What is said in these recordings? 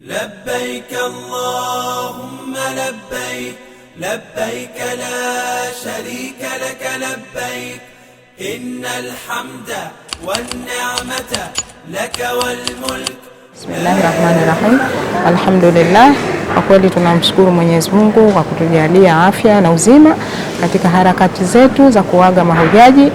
لبيك اللهم لبيك لبيك لا شريك لك لبيك إن الحمد والنعمة لك والملك بسم الله الرحمن الرحيم الحمد لله Kwa kweli tunamshukuru Mwenyezi Mungu kwa kutujalia afya na uzima katika harakati zetu za kuaga mahujaji.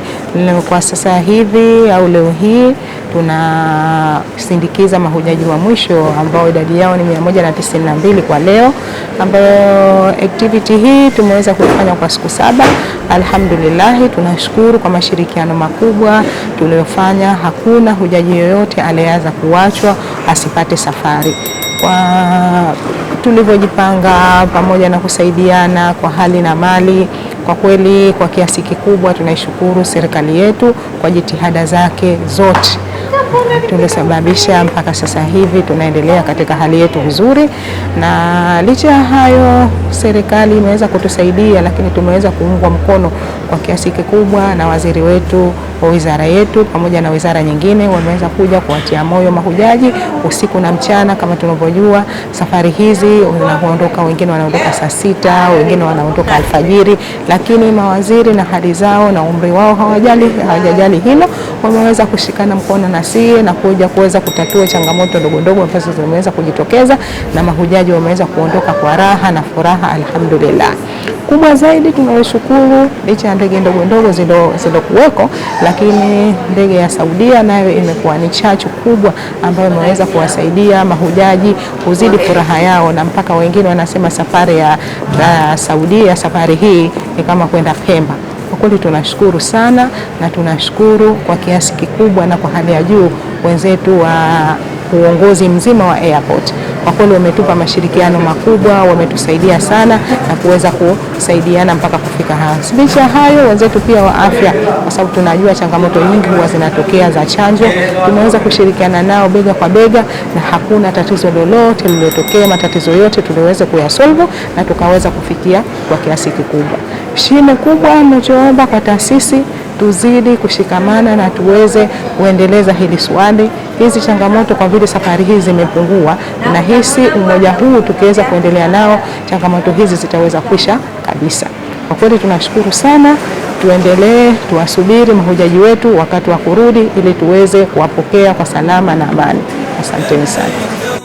Kwa sasa hivi au leo hii tunasindikiza mahujaji wa mwisho ambao idadi yao ni 192 kwa leo, ambayo activity hii tumeweza kufanya kwa siku saba. Alhamdulillah, tunashukuru kwa mashirikiano makubwa tuliyofanya. Hakuna hujaji yoyote aliyeanza kuachwa asipate safari kwa tulivyojipanga pamoja na kusaidiana kwa hali na mali. Kwa kweli, kwa kiasi kikubwa tunaishukuru serikali yetu kwa jitihada zake zote tulisababisha mpaka sasa hivi tunaendelea katika hali yetu nzuri, na licha ya hayo serikali imeweza kutusaidia, lakini tumeweza kuungwa mkono kwa kiasi kikubwa na waziri wetu wa wizara yetu pamoja na wizara nyingine, wameweza kuja kuwatia moyo mahujaji usiku na mchana. Kama tunavyojua safari hizi wanaondoka wengine, wanaondoka saa sita, wengine wanaondoka alfajiri, lakini mawaziri na hali zao na umri wao hawajali, hawajajali hilo, wameweza kushikana mkono na sie na kuja kuweza kutatua changamoto ndogo ambazo zimeweza kujitokeza na mahujaji wameweza kuondoka kwa raha na furaha, alhamdulillah. Kubwa zaidi tunashukuru, licha ya ndege ndogo ndogo zilokuweko, lakini ndege ya Saudia nayo imekuwa ni chachu kubwa ambayo imeweza kuwasaidia mahujaji kuzidi furaha yao, na mpaka wengine wanasema safari ya uh, Saudia safari hii ni kama kwenda Pemba. Kwa kweli tunashukuru sana na tunashukuru kwa kiasi kikubwa na kwa hali ya juu wenzetu wa uongozi mzima wa airport kwa kweli wametupa mashirikiano makubwa, wametusaidia sana na kuweza kusaidiana mpaka kufika hapa. Licha hayo, wenzetu pia wa afya, kwa sababu tunajua changamoto nyingi huwa zinatokea za chanjo, tumeweza kushirikiana nao bega kwa bega na hakuna tatizo lolote lililotokea. Matatizo yote tuliweza kuyasolve na tukaweza kufikia kwa kiasi kikubwa. shine kubwa ninachoomba kwa taasisi tuzidi kushikamana na tuweze kuendeleza hili swali, hizi changamoto. Kwa vile safari hizi zimepungua, nahisi umoja huu tukiweza kuendelea nao, changamoto hizi zitaweza kwisha kabisa. Kwa kweli tunashukuru sana. Tuendelee, tuwasubiri mahujaji wetu wakati wa kurudi, ili tuweze kuwapokea kwa salama na amani. Asanteni sana.